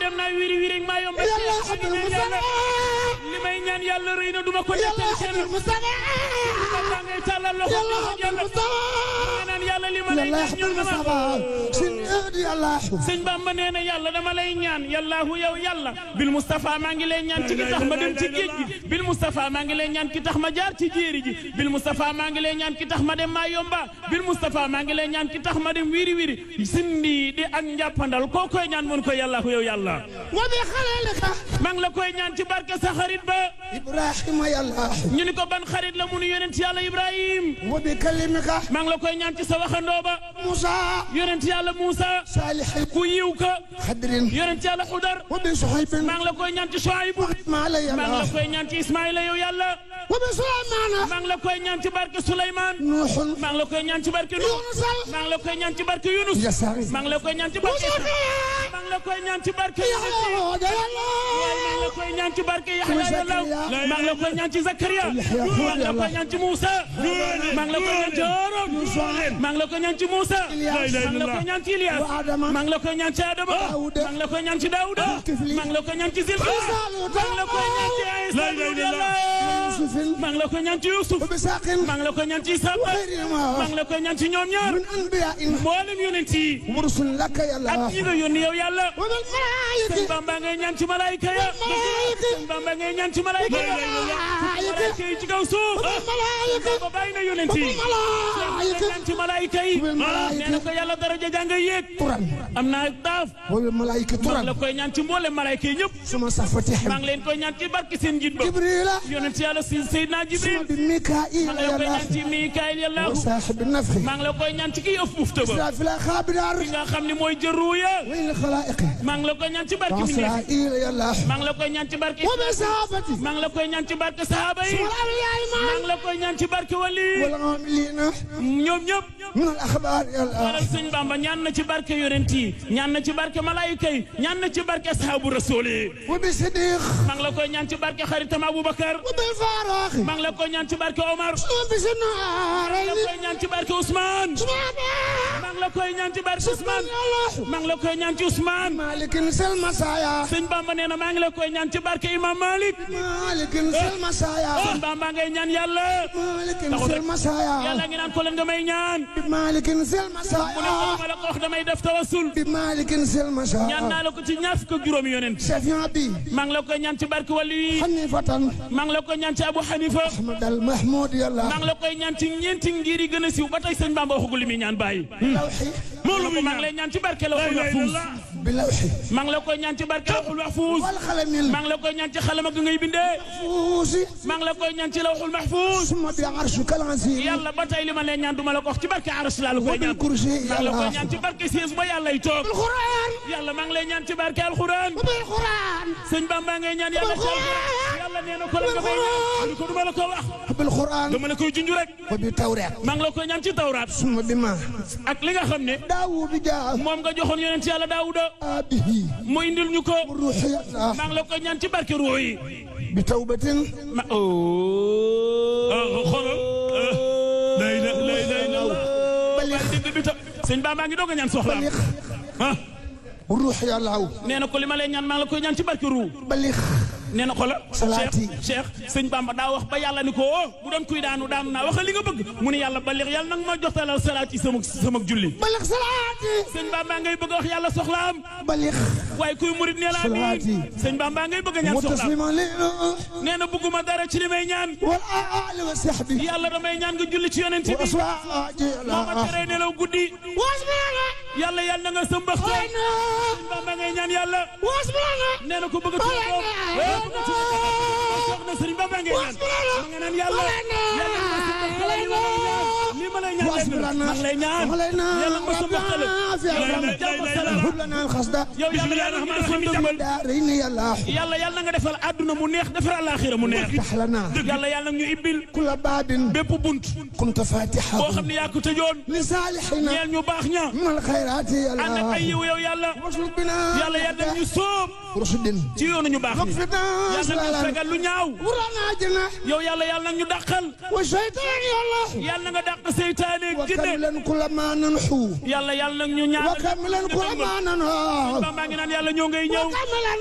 dem naa wiri wiri ak maa yomba li may ñaan yàlla rëy na duma ko nettali sëñ Bamba nee na yàlla dama lay ñaan yàllaahu yow yàlla bil Moustapha maa ngi lay ñaan ci ki tax ma dem ci géej gi bil Moustapha maa ngi lay ñaan ki tax ma jaar ci jéeri ji bil Moustapha maa ngi lay ñaan ki tax ma dem ma yomba bil Moustapha maa ngi lay ñaan ki tax ma dem wiiri wiiri sindi di ak njàppandal koo koy ñaan mun ko yàllaahu yow yàlla wa bi xalalika maa ngi la koy ñaan ci barke sa ba Ibrahima yàlla ñu ko ban xarit la munu yonent yàlla Ibrahim la koy Moussa saalihin ku yiw ka xadrin yonent yàlla xudar wa bi soxaybin maa ngi la koy ñaan ci soaybu maa ngi la koy ñaan ci ismaila yow yàlla wa bi suleymaana maa ngi la koy ñaan ci barke souleyman nuuxun maa ngi la koy ñaan ci barke nuux maa ngi la koy ñaan ci barke yunus maa ngi la koy ñaan ci barke la koy ñaan ci barke la koy ñaan ci barke Yaxya maa ngi la koy ñaan ci Zakariya maa la koy ñaan ci Moussa maa ngi la koy ñaan ci Aaron maa ngi la koy ñaan ci Moussa la koy ñaan ci Ilias la koy ñaan Adama maa la koy ñaan ci يوسف maa ngi la ko ñaan ci Yuusuf maa ngi la ko ñaan ci Isaa maa ngi la ko ñaan ci ñoom ñaar mboolem yonent yi ak ñi nga yónni yow yàlla sëñ Bamba ngay ñaan ci malaayika ya sëñ Bamba ngay ñaan ci malaayika ya malaayika yi ci kaw suuf ko bàyyi na yonent yi malaayika ci malaayika yi nee na ko yàlla daraja jàng yéeg turan am naa daaf boobu malaayika turan la koy ñaan ci mboole malaayika yi ñëpp suma safati maa ngi leen koy ñaan ci barki seen njiit ba jibrila yonent yàlla si Seydina Jibril bi mikail maa ngi la koy ñaan ci mikail yàlla saaxibi nafi maa ngi la koy ñaan ci kii ëf bufta ba fi la xaabidaar bi nga xam ne mooy jëruya wayl xalaaiqi maa ngi la koy ñaan ci barki mi maa ngi la koy ñaan ci barki sahabati maa ngi la koy ñaan ci barki sahaba yi maa ngi la koy ñaan ci barki wali ñoom ñëpp minal axbaar maanaam sëñ Bamba ñaan na ci barke yonent yi ñaan na ci barke malaayika yi ñaan na ci barke saabu rasool yi wa bi sidiq maa ngi la koy ñaan ci barke xaritam Aboubacar wa bil faaraax maa ngi la koy ñaan ci barke Omar wa bi si naar maa ngi la koy ñaan ci barke Ousmane maa ngi la koy ñaan ci barke Ousmane maa ngi la koy ñaan ci Ousmane malikin sel masaya sëñ Bamba nee na maa ngi la koy ñaan ci barke Imam Malik malikin sel masaya eh, sëñ Bamba ngay ñaan yàlla malikin sel masaya yàlla ngi naan ko leen damay ñaan bi malikin sel masa mu ne ma la ko wax damay def tawasul bi malikin la ko ci ñaar fukk juróomi yonent maa ngi la ko ñaan ci barke wàllu yi hanifatan maa ngi la koy ñaan abu hanifa ahmad la koy ñaan ci ñeenti ngir a ba tey bamba waxagul li muy ñaan bàyyi bi lawxi maa ngi la koy ñaan ci barke lawxul mahfuus wal xalamil maa ngi la ko ñaan ci xalam ak ngay la koy ñaan ci lawxul mahfuus suma bi arsu kal azim yàlla ba tey li ma leen ñaan duma la ko wax ci barke arsh laa la koy ñaan maa ngi la koy ñaan ci barke siis ba yàlla yi toog alxuraan yàlla maa ngi lay ci barke alxuraan sëñ Bamba ngay ñaan yàlla ci alxuraan yàlla nee na ko la nga bay ñaan ko duma la ko wax bil quran dama la koy junj rek wa bi tawraat maa ngi la koy ñaan ci tawraat suma bi ma ak li nga xam ne daawud ja moom nga joxoon yonent yàlla daawuda abihi mu indil ñu ko ruuxi maa ngi la koy ñaan ci barke ruux yi bi tawbatin ma oh. Oh, xoolal eh. lay na lay lay na sëñ Ba maa ngi doog a ñaan soxla ah ruux yàlla nee na ko li ma lay ñaan maa ngi la koy ñaan ci barke ruux balix nee na xoolal cheikh cheikh sëñ bamba daa wax ba yàlla ni ko o bu doon kuy daanu daanu naa wax li nga bëgg mu ne yàlla ba léegi yàlla nag ma joxtalal salaat yi sama sama julli ba léegi salaat yi sëñ bamba ngay bëgg wax yàlla soxlaam ba léegi waaye kuy murit nee la amiin sëñ Bamba ngay bëgg a ñaan soxla uh, uh, uh. nee na bëgguma dara ci li may ñaan yàlla damay ñaan nga julli ci yonent bi moo ma ci nelaw guddi yàlla yàlla na nga sëmbaxte sëñ Bamba ngay ñaan yàlla nee na ko bëgg a tudd doom soxna sëñ a ngay ñaan ma nga naan yàlla yàlla nga sëmbaxte li ma lay ñaan لنا علينا لنا الخصدة يا رحمن الرحيم دارين يلا يلا يلا nga defal àdduna mu neex defal àllaaxira mu neex tax la naa yàlla yàlla ñu ibbil ku la baadin bépp bunt kunta fatiha boo xam ne yaa ko tëjoon li saalihina ñeel ñu baax ña min al xayraati yàlla ànd ak ay yiw yow yàlla wasul bina yàlla yàlla ñu sóob rusudin ci yoonu ñu baax ñi yàlla ñu fegal lu ñaaw wuranaa jëna yow yàlla yàlla ñu dàqal wa seytaan yàlla yàlla nga dàq seytaane dinne wakam leen ku la maanan xuu yàlla yàlla nag ñu ñaan wakam leen ku la maanan xuu bamba ngi naan yàlla ñoo ngay ñëw wakam leen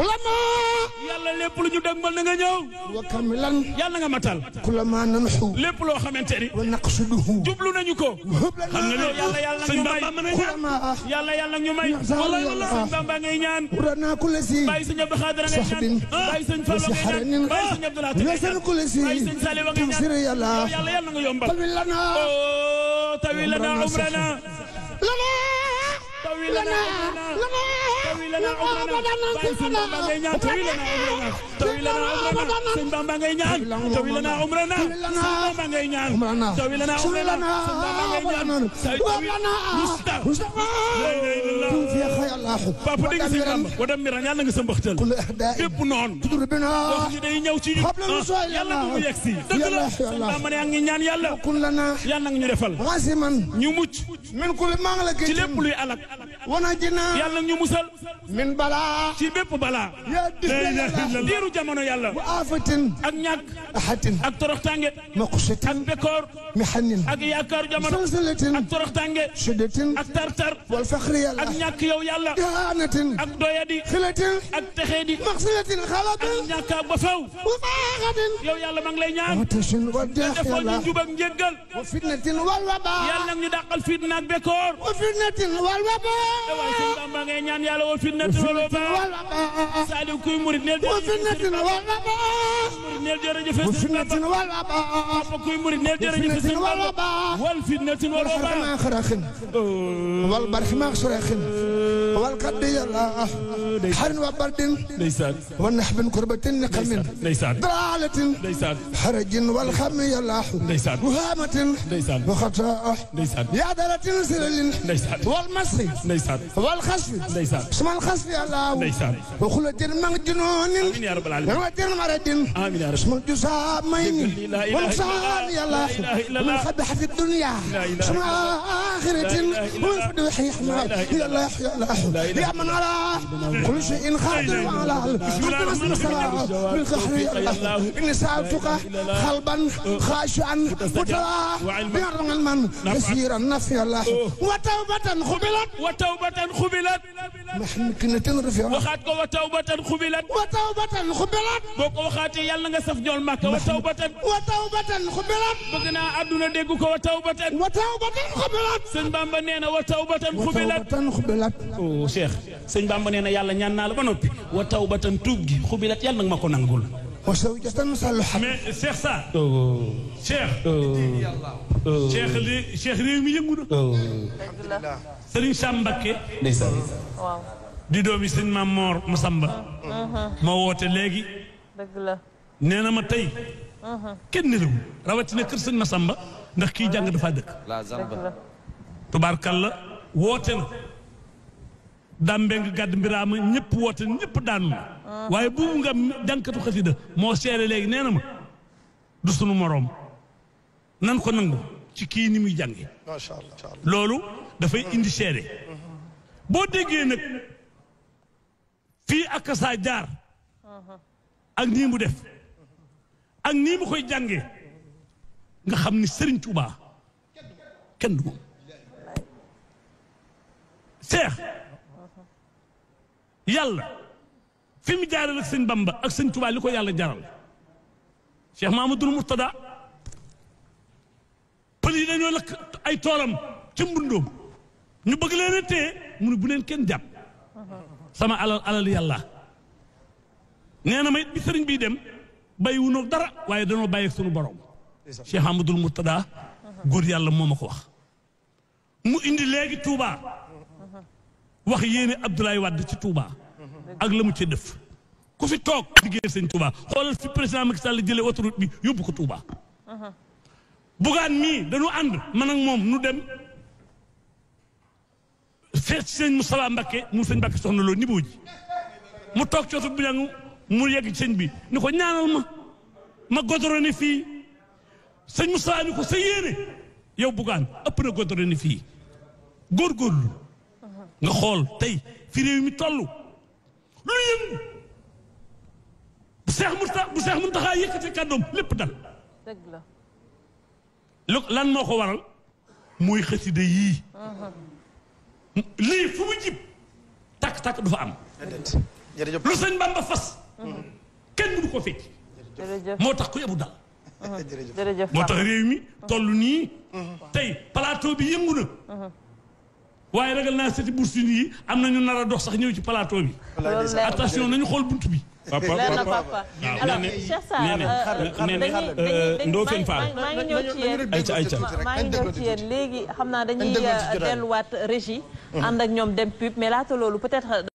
kulamaa. yàlla lépp lu ñu dëgmal na nga ñëw. wa kamilan. yàlla nga matal. kulamaa nan xu. lépp loo xamante ni. wa naqsuduhu. jublu nañu ko. xam nga loolu yàlla yàlla ñu may. kulamaa. yàlla yàlla ñu may. walaay walaay sëñ Bamba ngay ñaan. uranaa kulesi. bàyyi sëñ Abdou Khadra ngay ñaan. Ah, bàyyi sëñ Fallu ngay ñaan. bàyyi sëñ Abdou Lahat. weesan kulesi. bàyyi sëñ Saliwa ngay ñaan. tuusire yàlla. yàlla yàlla nga yombal. tawil lanaa. Oh, tawil lanaa umranaa. lanaa. tawil lanaa. lanaa. لنا عمرنا باي سن بامبا ngay ñaan tawi lana عمرنا tawi lana عمرنا سن بامبا ngay ñaan tawi lana عمرنا سن بامبا ngay ñaan tawi lana عمرنا سن بامبا ngay ñaan tawi lana مصطفى لا اله الا الله يا خير الله بابا دي سن بامبا ودم mi rañal nga sa mbaxtal bépp noon wax ñu day ñëw ci ñu ah, yàlla bu mu yegsi dëgg la bamba ne ngi ñaan yàlla yàlla nga ñu defal ñu mucc min kul ma nga la ci lépp luy alak wana jinaa yàlla ñu musal min balaa ci bépp balaa diiru jamono yàlla bu aafatin ak ñàkk ahatin ak toroxtange maqushatin ak békoor mihanin ak yaakaar jamono salsalatin ak toroxtange shiddatin ak tartar wal faxri yàlla ak ñàkk yow yàlla dihaanatin ak doyadi xilatin ak texeedi maxsilatin xalab ak ñàkk ak ba faw wa faaxatin yow yàlla ma lay ñaan watashin wa deex yàlla defoo ñu wa fitnatin wa fitnatin waaye sëñ Bamba ngay ñaan yàlla woo fitnati wala baa Saliou kuy murit neel fitnati wala baa murit neel jërëjëf fitnati wala baa papa kuy murit neel jërëjëf fitnati wala baa wal fitnati wala baa wal barxima suraxin oh. wal qaddi yàlla xarin wa bardin wa naxbin kurbatin niqamin dalatin xarajin wal xam yàlla wahamatin wa xataa yaadaratin siralin wal masri wal xasfi suma alxasfi yàlla wa xulatin mang jununin watin maradin suma jusaa mayni wa nuqsaan yàlla wa min xabaxa fi dunya suma axiratin wa min fuduxi yàlla yàlla لأمن على كل شيء خادم على أنت مسلم سلام بالقهر إني سألتك قلبا خاشعا متلا بيرغم المن يسير النفي الله وتوبة خبلت وتوبة خبلت waxaat ko wa tawbatan xubilat wa tawbatan xubilat boo ko waxaatee yàlla nga saf ñool màkk wa tawbatan wa tawbatan xubilat bëgg naa àdduna dégg ko wa tawbatan wa tawbatan xubilat sëñ Bamba nee na wa tawbatan xubilat oh Cheikh sëñ Bamba nee na yàlla ñaan naa la ba noppi wa tawbatan tuub gi xubilat yàlla nga ma ko nangul mais Cheikh sa oh. Cheikh oh. Oh. cheikh li cheikh réew mi yëngu na. Oh. alhamdulilah. Serigne Sam Mbakke. ndeysaan waaw. di doomi Moor Masamba. moo woote léegi. dëgg na ma tey. Uh-huh. kenn nelawu rawatina kër Serigne Masamba ndax kii jàng dafa dëkk. dëgg la. tubaarkalla woote na. dambeng gàdd mbiraama ñëpp woote ñëpp daanu na. Uh-huh. waaye buubu nga jànkatu xasida moo seere léegi nee na ma du sunu moroom. nan ko nangu ci kii ni muy jànge macha allah loolu dafay indi seede boo déggee nag fii ak jaar ak nii mu def ak nii mu koy jàngee nga xam ni Serigne Touba kenn du moom seex fi mu jaaral ak sëñ Bamba ak sëñ Touba li ko yàlla jaral Cheikh Mamadou Mourtada yi dañoo lakk ay toolam ci mbundoom ñu bëgg leen a téye mu ne bu leen kenn jàpp sama alal alal yàlla nee na ma sëriñ bii dem bàyyi wunoog dara waaye danoo bàyyi sunu borom Cheikh Amadou Murtada góor yàlla moo ma ko wax mu indi léegi Touba wax yéene Abdoulaye Wade ci Touba ak la mu ci def ku fi toog liggéey sëñ Touba xoolal fi président Macky Sall jëlee autoroute yóbbu ko Touba bugaan mii dañu ànd ma ak moom nu dem seet si sëñ Moustapha Mbakke mu sëñ Mbakke soxna loolu niboo ji mu toog cootu bu ñangu mu yegg ci sëñ bi ni ko ñaanal ma ma godoro fii sëñ mu ni ko sa yéene yow bugaan ëpp na godoro ne góor góorgóorlu nga xool tey fi réew mi toll lu yëngu bu seex Murtaxa bu seex Murtaxa yëkkati lépp dal lu lan moo ko waral mooy xasida yii lii fu mu jib takk-takk du fa am lu sëñ Bamba fas kenn mënu ko fecc moo tax ku yebu dal moo tax réew mi toll nii tey plateau bi yëngu na waaye ragal naa seti bursin yi am na ñu nar a dox sax ñëw ci plateau bi attention nañu xool bunt bi papa papa ah. alors Cheikh euh, a euh, dañuy Ndofène Fall maa ngi ñëw ci yéen maa ngi ñëw ci yéen léegi xam naa dañuy delluwaat régie ànd ak ñoom dem pub mais laata loolu peut-être